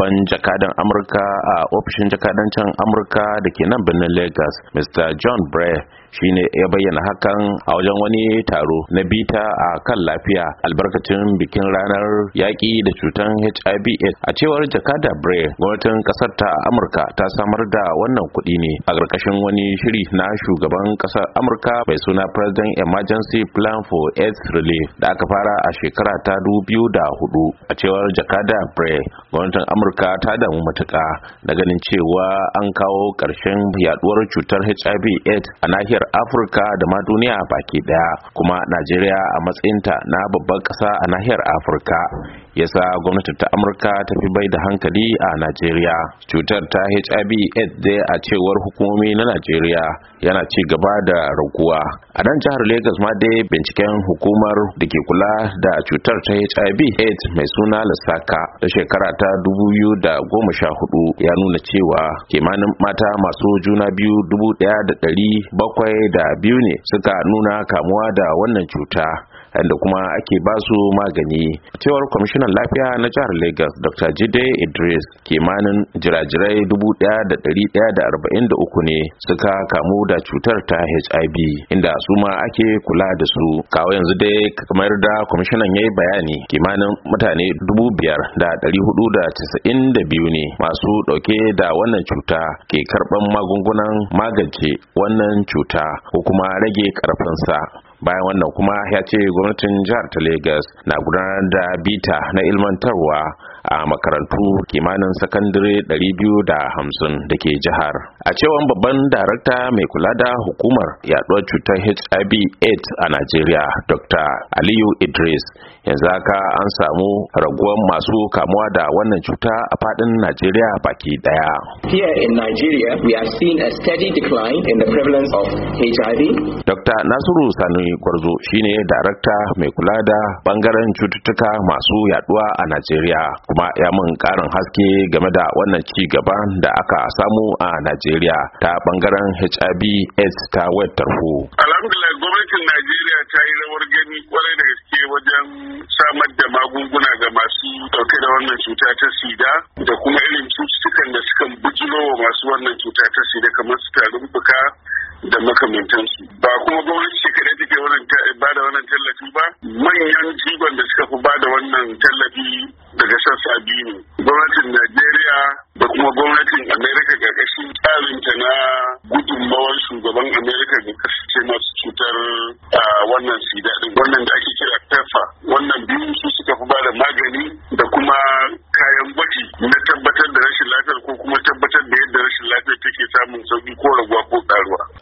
babban jakadan amurka a ofishin jakadancin amurka da ke nan birnin lagos mr john bray shine ya bayyana hakan a wajen wani taro na bita a kan lafiya albarkacin bikin ranar yaƙi da cutar hiv a cewar jakada bre gwamnatin ƙasar ta amurka ta samar da wannan kuɗi ne a ƙarƙashin wani shiri na shugaban ƙasar amurka mai suna president emergency plan for aids relief da aka fara a shekara ta dubu da hudu a cewar jakada bre gwamnatin amurka ta damu matuƙa da ganin cewa an kawo ƙarshen yaduwar cutar hiv aids a nahiyar nahiyar afirka da ma duniya baki daya kuma najeriya a matsayinta na babban ƙasa a nahiyar afirka yasa gwamnatin ta amurka ta fi bai da hankali a najeriya cutar ta hiv aids dai a cewar hukumomi na najeriya yana ci gaba da raguwa a nan jihar lagos ma dai binciken hukumar da ke kula da cutar ta hiv aids mai suna lasaka da shekara ta da goma sha hudu ya nuna cewa kimanin mata masu juna biyu dubu da ɗari bakwai bakwai da biyu ne suka nuna kamuwa da wannan cuta da kuma ake ba su magani cewar kwamishinan lafiya na jihar lagos dr jide idris kimanin jirajirai 1143 ne suka kamu da cutar ta hiv inda su ma ake kula da su kawo yanzu dai kamar da kwamishinan ya yi bayani kimanin mutane 5492 ne masu dauke da wannan cuta ke karban magungunan magance wannan cuta ko kuma rage karfinsa bayan wannan kuma ya ce gwamnatin jihar ta Legas na gudanar da bita na ilmantarwa a makarantu kimanin sakandare 250 da ke jihar a cewan babban darakta mai kula da hukumar yaduwar cutar hiv aids a najeriya dr aliyu idris yanzu haka an samu raguwar masu kamuwa da wannan cuta a fadin najeriya baki daya in a dr nasiru sani gwarzo shine darakta mai kula da bangaren cututtuka masu yaduwa a najeriya kuma ya mun karin haske game da wannan ci gaba da aka samu a Najeriya ta bangaren HIV AIDS ta wayar tarho. Alhamdulillah gwamnatin Najeriya ta yi rawar gani kwarai da gaske wajen samar da magunguna ga masu dauke da wannan cuta ta sida da kuma irin cututtukan da suka bujiro masu wannan cuta ta sida kamar su tarin fuka da makamantansu. Ba kuma gwamnati suke ba da wannan tallafi ba manyan jigon da suka fi ba da wannan tallafi daga sassa biyu ne gwamnatin najeriya da kuma gwamnatin amerika ƙarƙashin tsarinta na gudunmawar shugaban amerika ga kasance masu cutar a wannan sida wannan da ake kira tafa wannan biyu su suka fi ba da magani da kuma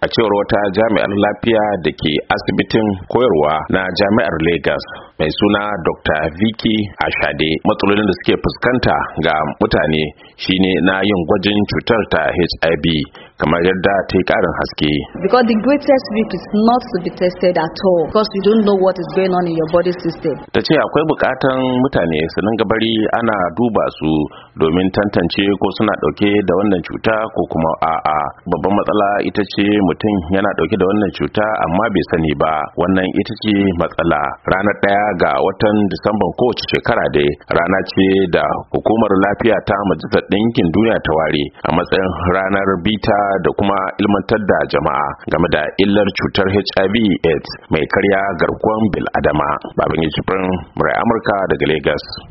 a cewar wata jami'ar lafiya da ke asibitin koyarwa na jami'ar Legas mai suna Dr. Vicky Ashade matsalolin da suke fuskanta ga mutane shine na yin gwajin cutar ta HIV kamar yadda ta yi karin haske. Because the greatest risk is not to be tested at all because you don't know what is going on in your body system. Ta ce akwai bukatan mutane su dinga bari ana duba su domin tantance ko suna dauke da wannan cuta ko kuma a'a. Babban matsala ita ce mutum yana dauke da wannan cuta amma bai sani ba. Wannan ita ce matsala. Ranar ɗaya ga watan Disamban kowace shekara dai rana ce da hukumar lafiya ta majalisar ɗinkin duniya ta ware a matsayin ranar bita da kuma ilmantar da jama'a game da illar cutar HIV AIDS mai karya garkuwan adama Babin Yusufin Murai Amurka daga Lagos.